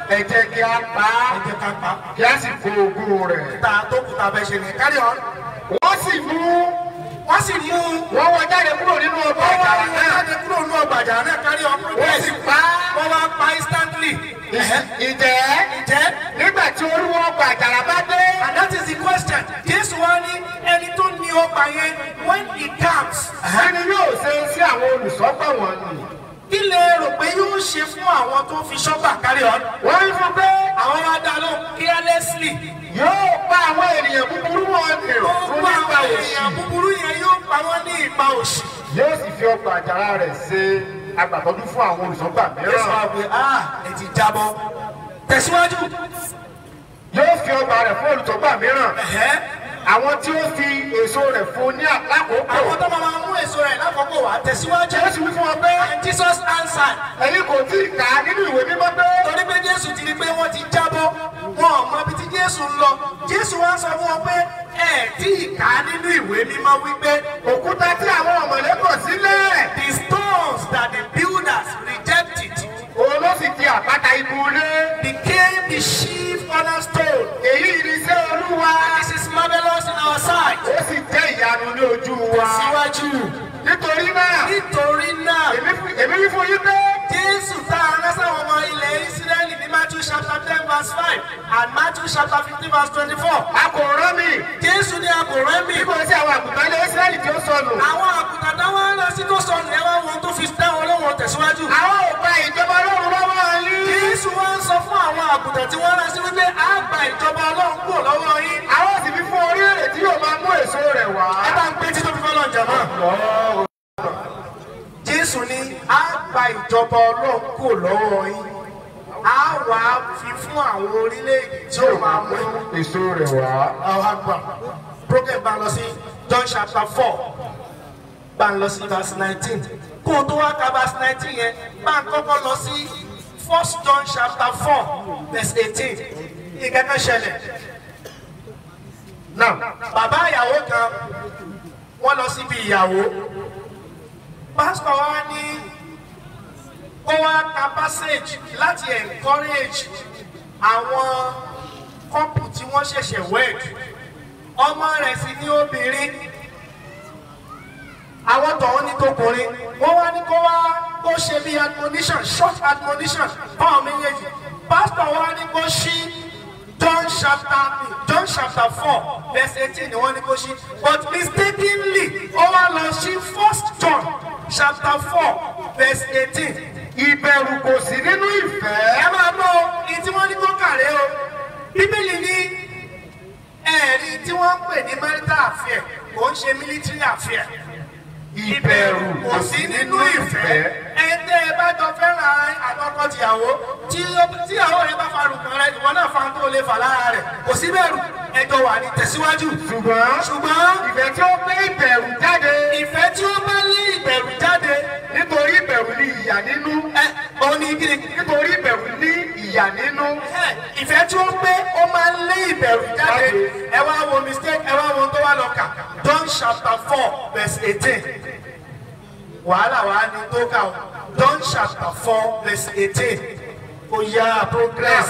ẹ kí a pa á ká pa kí a sì kó ogún rẹ̀. kúta tó kúta bẹ́ẹ̀ ṣe ní kárí ọ. wọ́n sì mú wọ́n sì mú. wọ́n wọ jáde kúrò nínú ọgbà àjà náà. wọ́n wọ jáde kúrò nínú ọgbà àjà náà kárí ọ. wọ́n sì pa wọ́n wá pa instantly. ìjẹ́ ìjẹ́ nígbà tí olúwo ọgbà àjàrà bá dé. and that is the question. this one ẹni tó ní ọgbà yẹn when it comes. ẹni yóò ṣe sí àwọn olùsọ́gbà wọn nù kí lè rò pé yóò ṣe fún àwọn tó fi ṣọ́gbà kárí ọ. wọ́n rí fún pé àwọn máa dá lọ carelessly. yóò pa àwọn ènìyàn búburú wọn ní ìrọ̀rùn nípa òṣì. ènìyàn búburú yẹn yóò pa wọ́n ní ipa òṣì. yóò sì fi ọgbà àjàrà rẹ̀ ṣe agbàtọ́jú fún àwọn olùṣọ́gbà mìíràn. yóò sọ pé a lè ti jábọ́. tẹ̀síwájú. yóò fi ọgbà rẹ̀ fún olùṣọ́gbà mìíràn àwọn tí ó fi èso rẹ̀ fún ní àkókò. àwọn tó máa mú èso rẹ̀ lákòókò wá tẹ̀síwájú. ó sì wí fún wọn pé Jesus answered. Ẹ̀yin kò tí ì kà nínú ìwé mímọ́ pé. Torí pé Jésù ti rí pé wọ́n ti jábọ́, wọn ò mọ ibi tí Jésù ń lọ. Jésù wá sọ fún wọn pé ẹ tí ì kà nínú ìwé mímọ́ wípé. Òkúta tí àwọn ọ̀mọ̀lé sílẹ̀. The stones that the builders rejected. Òun ló sì di àpáta ibùdó. Became the chief cornerstone. Èyí ìrìnsẹ̀ Olúwa. This is marvelous in our sight. Ó sì jẹ́ ìyanu ní ojú wa. Síwájú. Nítorí náà. Nítorí èmi wí fún yín pé. jésù tá a rán sáwọn ọmọ ilẹ̀ ìsírẹ́lì ní matthew chapter ten verse five and matthew chapter fifteen verse twenty-four. a kò rán mi. jésù ni a kò rán mi. bí kò sí àwọn àgùntàn ilẹ̀ ìsírẹ́lì tí ó sọnù. àwọn àgùntàn tó wọ́n lọ sí tó sọnù ẹ̀ wọ́n wọn tó fi dá wọn lọ́wọ́ tẹ̀síwájú. àwọn ò gba ìjọba ọlọ́run lọ́wọ́ yín. jésù wá sọ fún àwọn àgùntàn tí wọ́n rán sí wípé a gba ìjọba ọlọ́run kúrò Jésù ni á gba ìjọba Ọlọ́run kò lọ́wọ́ yín á wà á fi fún àwọn orílẹ̀-èdè tí ó máa mú èso rẹ̀ wá. àwọn àgbà lọ sí John chapter four bá lọ sí verse nineteen kó o tó wá ka verse nineteen yẹn bá a kọ́kọ́ lọ sí first John chapter four verse eighteen ìkẹ́kẹ́ ṣẹlẹ̀ náà bàbá ìyàwó kan wọ́n lọ síbi ìyàwó pásítọ̀ wa ní kó wá ka passage láti encourage àwọn kọ́pù tí wọ́n ṣẹ̀ṣẹ̀ wed ọmọ rẹ̀ sì ní obìnrin àwọn tọ̀hún ní tókùnrin wọ́n wá ní kó wá kó ṣe bí admonition short admonition báwọn méjèèjì pásítọ̀ wa ní kó ṣí John chapter John chapter four verse eighteen ni wọ́n ní kó ṣí but mistakenly ó wá lọ ṣí first John chapter four verse eighteen ìbẹ̀rù kò sí nínú ìfẹ́. ẹ máa gbọ́ ohun tí wọ́n ní kó kàrẹ́ o bíbélì ní ẹ̀rí tí wọ́n ń pè ní marital affair kò ń ṣe military affair ìbẹ̀rù kò sí nínú ìfẹ́. ẹ tẹ́ ẹ bá jọ fẹ́ràn àtọkọtìyàwó tí tíyàwó rẹ bá farùkàn rẹ ìwọ náà fa tó lè fà lára rẹ kò sí bẹ̀rù ẹjọ wà ní tẹ̀síwájú. ṣùgbọ́n ṣùgbọ́n ìfẹ́ tí ó gbé ìbẹ̀rù jáde. ìfẹ́ tí ó bá lé ìbẹ̀rù jáde. nítorí ìbẹ̀rù ní ìyà nínú. ẹ òun ni kí ni. nítorí ìbẹ̀rù ní ìyà nínú. ìfẹ́ tí ó gbé ó máa ń lé ìbẹ̀rù jáde. ẹ wá wo mistake ẹ wá wo tó wá lọ kà chapter four verse eighteen wàhálà wàá ní tó kà ó John chapter four verse eighteen ó yá progress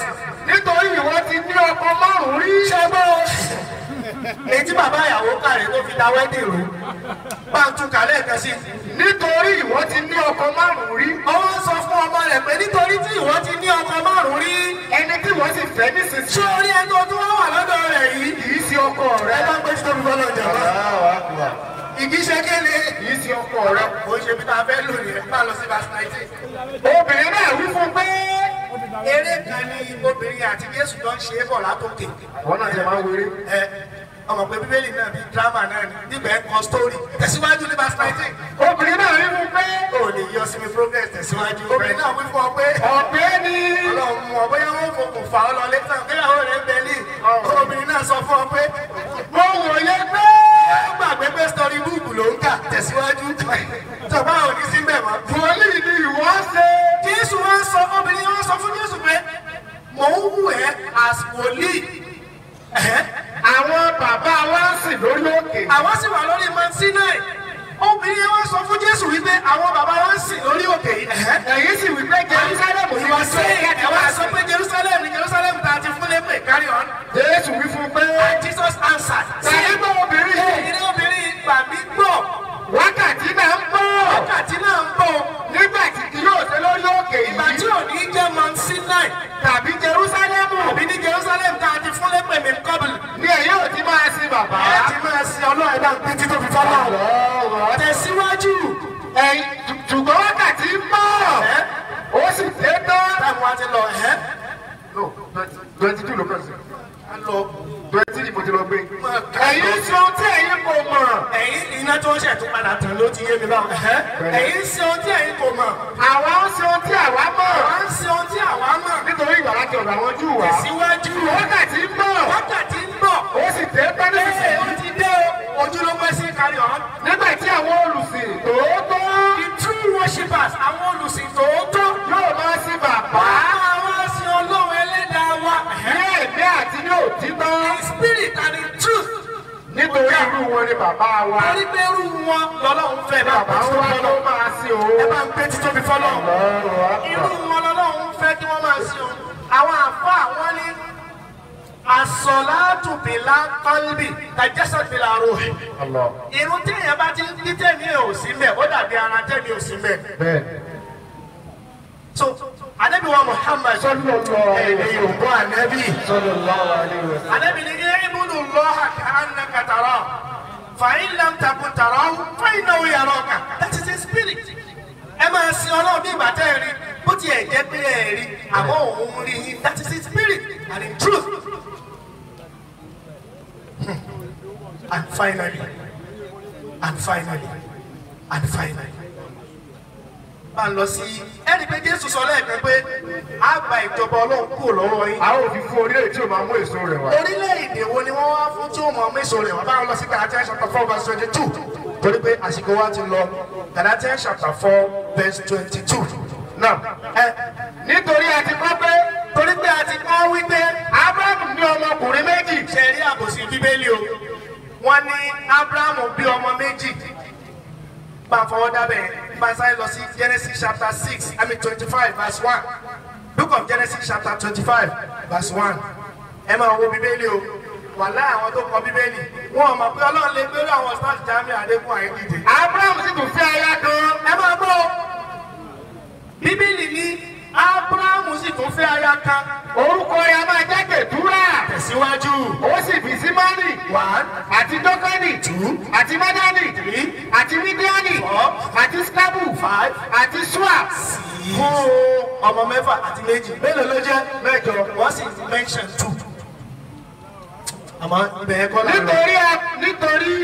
nítorí ìwọ ti ní ọkọ márùn rí ṣẹgbọn etí bàbá ìyàwó kàrí tó fi ta wẹ́dì rú bá ń tún kálẹ̀ kan nítorí ìwọ ti ní ọkọ márùn-ún rí. ó wá sọ fún ọmọ rẹ̀ pé nítorí tí ìwọ ti ní ọkọ márùn-ún rí. ẹni tí ìwọ ti fẹ́ nísinsìnyí. ṣé orí ẹni tó tún wà lọ́dọ̀ rẹ̀ yìí. kì í ṣe ọkọ rẹ. ẹ bá ń gbèsè tóbi bọ́lá ọjà wa. ìgíṣẹ́ kéde. kì í ṣe ọkọ rẹ. o ṣe bí ta fẹ́ lò ní ẹ̀fà lọ sí vasinaitin. obìnrin náà wí fún pé eré kan ni obìnrin àti Jésù lọ ń ṣe é bọ̀ látòkè. wọn náà ti máa ń wéré ọmọ pé bíbélì náà bíi drama, náà ni níbẹ̀ ń story. sítórì tẹ̀síwájú ní verse nineteen. obìnrin náà rí mu pé. o lè yọ sí mi progress tẹ̀síwájú. obìnrin náà wí fún ọ pé. ọ̀pẹ ni. ọlọ́run mọ̀ bóyá wọ́n fò kò fà ọ́ lọ lẹ́tàn bí àwọn rẹ̀ bẹ̀ ní. obìnrin náà sọ fún ọ pé. mo wòye pé. ó gbàgbé pé sítórì búùkù ló ń kà tẹ̀síwájú. tọ́gbà ò ní sí bẹ̀ mọ́. wòlíì ni ìwọ ṣe. jésù wọn sọ obìnrin wọn sọ fún as wòlíì àwọn bàbá wa ń sìn lórí òkè yìí ẹ̀yìn sì wí pé Jerusalem ni wọ́n sọ ẹ̀ wá sọ pé Jerusalem ni Jerusalem ta ti fún lépè carry on. Jésù wí fún pé Jesus answered. ṣèyí gbọ́ obìnrin yìí. ṣèyí obìnrin gbà mí gbọ́. wákàtí náà ń bọ̀. wákàtí náà ń bọ̀. nígbà tí kì yóò ṣe lórí òkè yìí. ìgbà tí ò ní jẹ́ Mount Sinai tàbí Jerusalem tàbí ní Jerusalem ta ti fún lépè mi kọ́bìlì. ní ẹ̀yìn ò ti máa sin bàbá. ẹ̀ ti máa sin ọlọ́run náà títí tó fi fọ́lá. tẹ̀síwájú ṣùgbọ́n wákàtí márùn ó sì dé tán. táwọn wa ti lọ ẹ́. no twenty two ló kàn sí. a lọ twenty ni mo ti lọ gbé. ẹ̀yin ṣe ohun tí ẹ̀yin kò mọ̀. ẹ̀yin iná tó ń ṣẹ̀tún padà tán ló ti yé mi báwọn. ẹ̀yin ṣe ohun tí ẹ̀yin kò mọ̀. àwa ń ṣe ohun tí àwa mọ̀. àwa ń ṣe ohun tí àwa mọ̀. nítorí ìgbà láti ọ̀dọ̀ àwọn jù wá. tẹ̀síwájú. wákàtí ń bọ̀. wákàtí ń bọ̀. ó sì dé tán ó ti dé ojúlówó sí kárí ọ̀hán. nígbà tí àwọn olùsìn tòótọ́ worshippers àwọn olùsìn tòótọ́ yóò máa sin bàbá. àwọn sin ọlọ́run ẹlẹ́dàá wa. ẹ̀ẹ́dẹ́ àti ní òtítọ́. in spirit and in truth. nítorí irú wọn ni bàbá wa. torí pé irú wọn lọ́lọ́run fẹ́ bàbá wa ló máa sin òun. ẹ bá ń gbé títóbi fọlọ́run. irú wọn lọ́lọ́run fẹ́ kí wọ́n máa sin òun. àwọn àf as-salatu bila qalbi tajasad bila ruh. irun téèyàn bá ti ń bí tẹ̀mí ò sí mbẹ̀ ó dàbí ara tẹ̀mí ò sí mbẹ̀. so anabi wa muhammad sallallahu alayhi wa anabi sallallahu alayhi wa sallam. anabi ni i'budu allaha ka'annaka tarahu fa in lam takun tarahu fa innahu yaraka that is his spirit. ẹ máa sin ọlọ́run bí ìgbà tẹ́ ẹ rí bó tiẹ̀ jẹ́ pé ẹ rí àmọ́ òun rí that is his spirit and in truth. Hmm. And finally, and finally, and finally. Máa lọ sí ẹni pé Jésù sọ lẹ́ẹ̀kan pé a gba ìjọba Ọlọ́run kúrò lọ́wọ́ yín. A ó fi fún orílẹ̀-èdè tí ó máa mú èso rẹ̀ wá. Orílẹ̀-èdè wo ni wọ́n wá fún tí ó máa mú èso rẹ̀ wá? Báwo lọ sí Galatians chapter four verse twenty-two? Torí pé àsìkò wa ti lọ Galatians chapter four verse twenty-two. Now, bíbélì o wọ́n ní abrahamu bí ọmọ méjì bá fọwọ́ dábẹ́ gbàsáyé lọ sí genesis chapter six i mean twenty five verse one book of genesis chapter twenty five verse one ẹ máa wo bíbélì o wàhálà àwọn tó kọ bíbélì wọn ò mọ̀ pé ọlọ́run lè gbé àwọn stars jami àdékù àyíkìdè. abrahamu sì tún fẹ́ aya kan ẹ máa gbọ́ bíbélì ní abrahamu sì tún fẹ́ aya kan orúkọ rẹ̀ máa jẹ́ tẹ̀síwájú. ó sì bí símánì. one àti dọ́kánì. two àti mádánì. three àti mídíánì. four àti skábù. five àti suwa. six fún ọmọ mẹ́fà àti méjì mélòó ló jẹ́ mẹ́jọ wọ́n sì mention two. àmọ́ ibẹ̀ ẹ̀kọ́ náà lọ. nítorí nítorí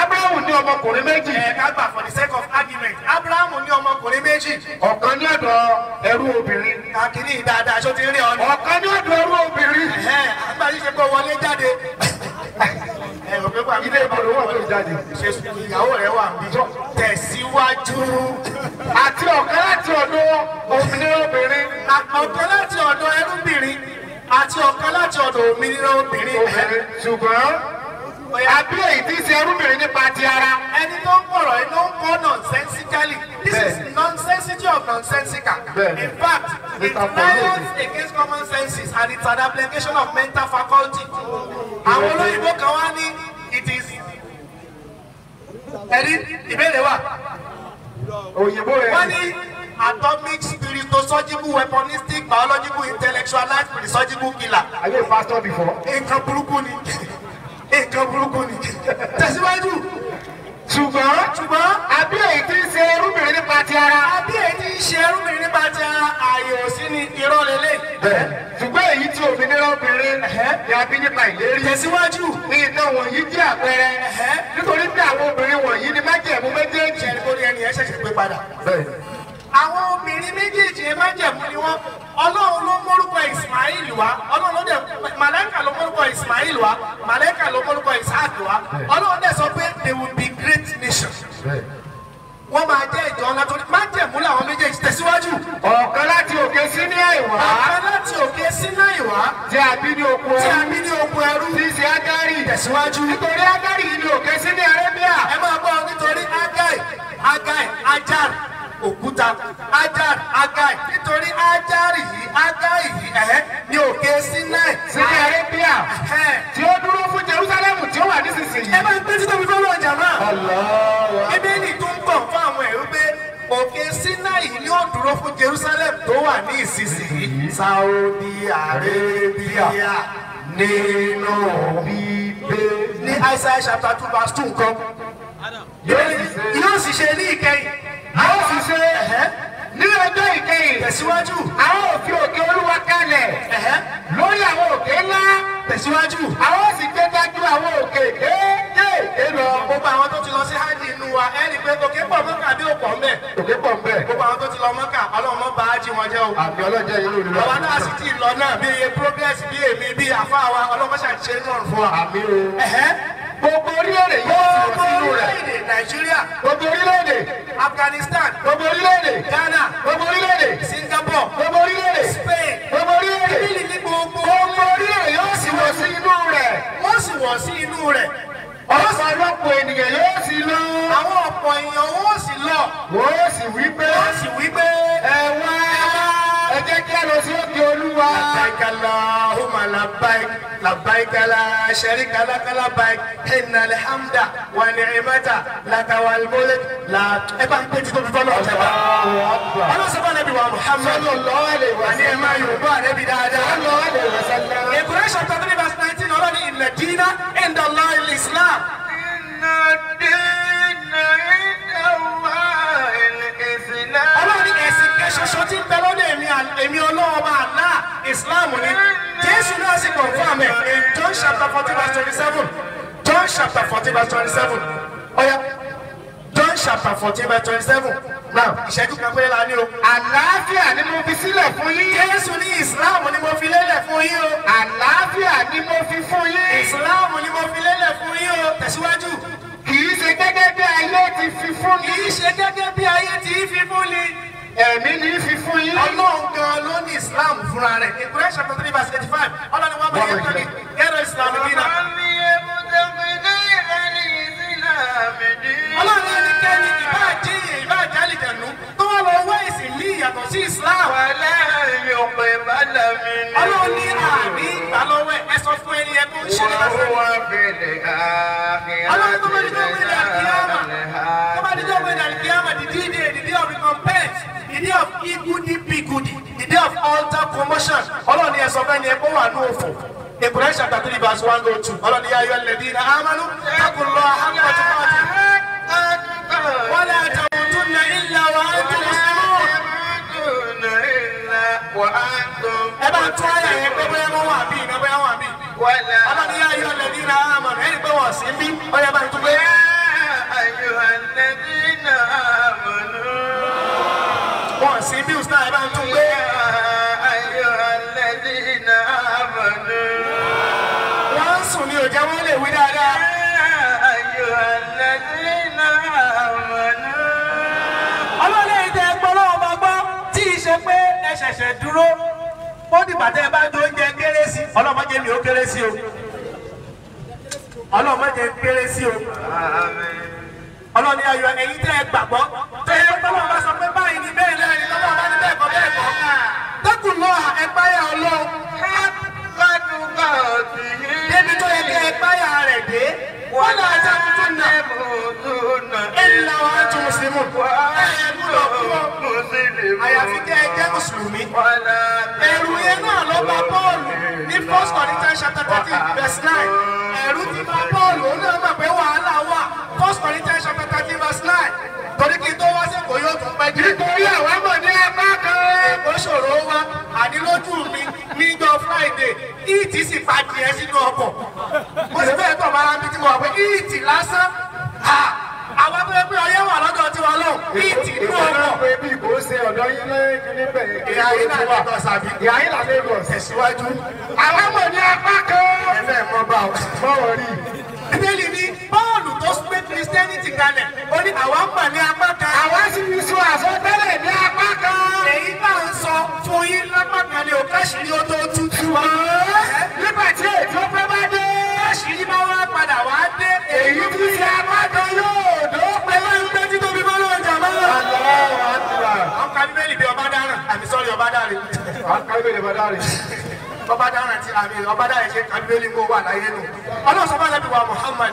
abrahamu ní ọmọkùnrin méjì. ẹ ká gbà for the sake of argument abrahamu ní ọmọkùnrin méjì. ọ̀kan ní ọ̀dọ̀ ẹrú obìnrin. kàkínní dáadáa aṣọ ti rí ọ ni. ọ̀kan ní ọ̀dọ̀ ẹrú obìnrin. ẹ àgbà yìí ṣe kó wọlé jáde. ilé ìbọn owó ọ̀gbìn jáde. ìyàwó rẹ̀ wà bí. tẹ̀síwájú. àti ọ̀kan láti ọ̀dọ̀ obìnrin obìnrin. ọ̀kan láti ọ̀dọ̀ ẹrúbìnrin àti ọ̀kan láti ọ̀dọ̀ òmìnira obìnrin. ṣùgbọ́n àbí èyí tí ṣe ẹrúbìnrin nípa ti ara. ẹni tó ń pọ̀rọ̀ ẹni ó ń kọ́ nonsensically this is nonsensity of nonsensical in fact it violates against common senses and it's an application of mental faculty. àwọn olóyìnbó kan wá ní it is ẹ̀rí ìbéèrè wà. òyìnbó rẹ̀ wọ́n ní atomic spiritosurgical weaponistic biological intellectualized pre-surgical killer. ayé pastor before. nǹkan burúkú ni nǹkan burúkú ni. tẹ̀síwájú. ṣùgbọ́n ṣùgbọ́n àbí èyí tí ń ṣe irúbìnrin nípa ti ara. àbí èyí tí ń ṣe irúbìnrin nípa ti ara ààyè òsì ni irọ́ lélẹ̀. bẹ́ẹ̀ ṣùgbọ́n èyí tí òmìnira obìnrin ni a bí nípa ìlérí. tẹ̀síwájú. ní ìtàn wọ̀nyí jẹ́ àpẹẹrẹ. nítorí pé àwọn obìnrin wọ̀nyí ni májẹ̀mú méjèèjì. ẹni tó ní ẹni ẹ àwọn obìnrin méjèèjì ẹ májẹ̀mú ni wọ́n ọlọ́run ló mórúkọ Ismail wá ọlọ́run ló dẹ̀ màlẹ́kà ló mórúkọ Ismail wá màlẹ́kà ló mórúkọ Isaac wá ọlọ́run dẹ̀ sọ pé they will be great nation wọ́n máa jẹ́ ìjọ ńlá torí májẹ̀mú làwọn méjèèjì tẹ̀síwájú. ọ̀kan láti òkè sínú àìwá. ọ̀kan láti òkè sínú àìwá. tí a bí ní oko ẹrú. tí a bí ní oko ẹrú. tí ṣe agari. tẹ̀síwájú. nítorí agari yìí ni òkè sínú Arabia. ẹ máa gbọ́ nítorí agai agai ajar Àbújá ajar agai nítorí ajar yìí agai yìí ẹ̀hẹ́ ní òkè Sinai Sinai Arabia tí ó dúró fún Jerusalem tí ó wà nísinsìnyí. ẹ máa ń pẹ́ títọ́ mi fọ́lọ́ ọjà náà. Bíbélì tó ń bọ̀ fún àwọn ẹ̀rú pé òkè Sinai ni ó dúró fún Jerusalem tó wà ní Saudi Arabia nínú bíbélì. ní Isaiah chapter two verse two nǹkan. yóò sì ṣe ní ìkẹyìn a ó sì ṣe ní ọjọ́ ìkẹyìn tẹ̀síwájú a ó fi òkè olúwa kalẹ̀ lórí àwọn òkè ńlá tẹ̀síwájú a ó sì gbé dájú àwọn òkè kéékèèké lọ. gbogbo àwọn tó ti lọ sí hajj inú wa ẹ rí i pé òkè pọ̀ mọ́kà bí òpọ̀ ń bẹ̀. òkè pọ̀ ń bẹ̀. gbogbo àwọn tó ti lọ mọ́kà ọlọ́run mọ́ bá hajj wọn jẹ́ o. àbí ọlọ́jẹ́ yìí lórí lọ. ọba náà sì ti lọ náà bíi progress bíi èmi bíi àfáà wa ọlọ́mọṣà ti ṣe é náà fún wa gbogbo orílẹ̀-èdè yóò sì sínú rẹ̀. nàìjíríà. gbogbo orílẹ̀-èdè afghanistan. gbogbo orílẹ̀-èdè ghana. gbogbo orílẹ̀-èdè singapore. وحدك لا شريك لك لبيك إن الحمد والنعمة لك والملك لا إبا بيت تطلع جبا أنا سبحان نبي محمد صلى الله عليه وسلم أنا ما يبغى نبي دادا صلى الله عليه وسلم إبراهيم chapter 3 verse 19 already إن الدين عند الله الإسلام إن الدين عند الله الإسلام ọ̀kan ṣoṣo tí ń bẹ lọ́dọ̀ èmi ọlọ́wọ́ bá àlá ni jésù náà sì kọ̀ fún àmì in john chapter fourteen verse twenty seven john chapter fourteen verse twenty seven ọ̀yà john chapter fourteen verse twenty seven now ìṣẹ́jú kan péré la ní o. àlàáfíà ni mo fi sílẹ̀ fún yín. jésù ní ìsìláàmù ni mo fi lélẹ̀ fún yín o. àlàáfíà ni mo fi fún yín. ìsìláàmù ni mo fi lélẹ̀ fún yín o. tẹ̀síwájú kì í ṣe gẹ́gẹ́ bí ayé ti fi fún ni. kì í ṣe gẹ́gẹ́ bí ayé ti fi fún ni ẹ̀mí ní fífún yín. ọlọ́run gan ló ní islam fúnra rẹ̀ ní kúrẹ́ chapter three verse thirty five ọlọ́run wà bẹ̀rẹ̀ tó ní gẹ́rọ islam bí náà. ọlọ́run ní kẹ́ni ìbá àjíyìn ìbá àjálì jẹ̀nu tó wà lọ wá ìsìn ní ìyàtọ̀ sí islam. wàlẹ́ mi ò pè bá lẹ́mi ní. ọlọ́run ní àbí ìgbàlọ́wẹ́ ẹ sọ fún ẹni ẹ tó ń ṣe lọ́sẹ̀. wọ́n wá bẹ̀rẹ̀ àfihàn tó ń bẹ̀rẹ̀ àfihàn tó ń bẹ̀rẹ̀ àfihàn the day of igudi bigudi the day of altar commotion ọlọ́ọ̀ni ẹ̀sọ́ bẹ́ẹ̀ ni ẹ kó wà ní òfò ìkùrẹ́ chapter three verse one go oh two ọlọ́ọ̀ni yá ayọ́ lẹ́bí iná amánú takùn lọ àhàkọ́tù pàtì wọ́n lè àtàwùtù nà ilà wà á tó mùsùlùmù. ẹ bá tún ayà yẹn pé bóyá wọ́n wà bí iná bóyá wọ́n wà bí. ọlọ́ọ̀ni yá ayọ́ lẹ́bí iná amánú ẹni sí bí usta ẹ bá ń tún gbé. wọ́n ń sùn ní òjá wọn lè wí dáadáa. ọlọ́lẹ̀ ìdẹ gbọ́dọ̀ ọba gbọ́ tí ì ṣe pé ẹ ṣẹ̀ṣẹ̀ ọlọ́mọdé mi ó kérésì o ọlọ́mọdé kérésì o ọlọ́ni ayọ̀ ẹ̀yin tẹ́ ẹ gbàgbọ́ tẹ́ ẹ tọ́lọ́ bá sọ pé báyìí ni bẹ́ẹ̀ náà ni tọ́lọ́ bá ní bẹ́ẹ̀ kọ́ bẹ́ẹ̀ kọ́. tẹ́kùn lọ ẹgbáyà ọlọ́run. débi tó yẹ kí ẹgbáyà rẹ̀ dé wọ́n náà ṣe tuntun náà. ẹ nà wá tún mùsùlùmù. ẹ gbúdọ̀ kú ọ. àyàfi kí ẹ jẹ́ mùsùlùmí. ẹ̀rù yẹn náà ló bá Pọ́ọ̀lù ní First Corinthians chapter thirteen verse nine ẹ̀rù ti bá Pọ́ọ̀lù ó náà mọ̀ pé wàhálà wà First Corinthians seventeen verse nine torí kí n tó wá sèkó yóò tún pẹ́ jù. nítorí àwọn mọ̀ ní apá kan. èkó ṣòro wa àní lójú mi níjọ friday ìtì sì pa tiẹ̀ sínú ọkọ̀ mo sì fẹ́ tọ̀ máa bí tí mo wà pé ìtì lásán àwọn tó yẹ pé ọyẹ wà lọ́dọ̀ tí wọn lọ ìtì ní ọkọ̀. ìwọ pé bí ìbò ṣe ọ̀dọ́ yín lẹ́yìn níbẹ̀ ìyá yín là Lagos àbí ìyá yín là Lagos tẹ̀síwájú. àwọn mọ̀ ní apá kan. ẹ̀fẹ̀ Christianity kalẹ̀ ó ní àwa ń pọ̀ ní apá kan. àwa sì fi sọ àsọtẹ́lẹ̀ ní apá kan. èyí náà ń sọ fún yín lápá kan ni ò káṣí ni ó tó tútù nígbà tí ètò ọpẹ́ bá dé. káṣí yìí máa wá padà wá dé. èyí tún ṣe apá kan yóò dó pẹ́ lọ́run pé títí omi bá lọ́wọ́ jà máa. ọkọ bíbélì bí ọba dáràn àmì sọ́ọ̀rì ọba dáràn. ọkọ ọba dáràn ọba àmì ọba dáràn ṣe kábíbélì ń bọ̀ wà láyé nù. ọlọ́sọ̀bá lẹ́bi wa Muhammad.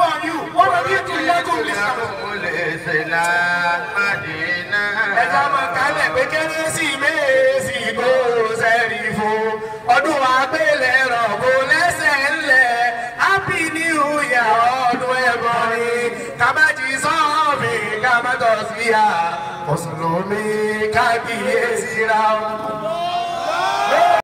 ورضيت لكم الإسلام ẹja máa kálẹ̀ pé kérésì méèsì kó sẹ́rí fún ọdún àgbélẹ̀ happy new year ọdún ẹ̀bọ̀n ni kábàjì sọ́ọ̀bì kábàjọ́ síyà mùsùlùmí kábíyèsí ra wọn.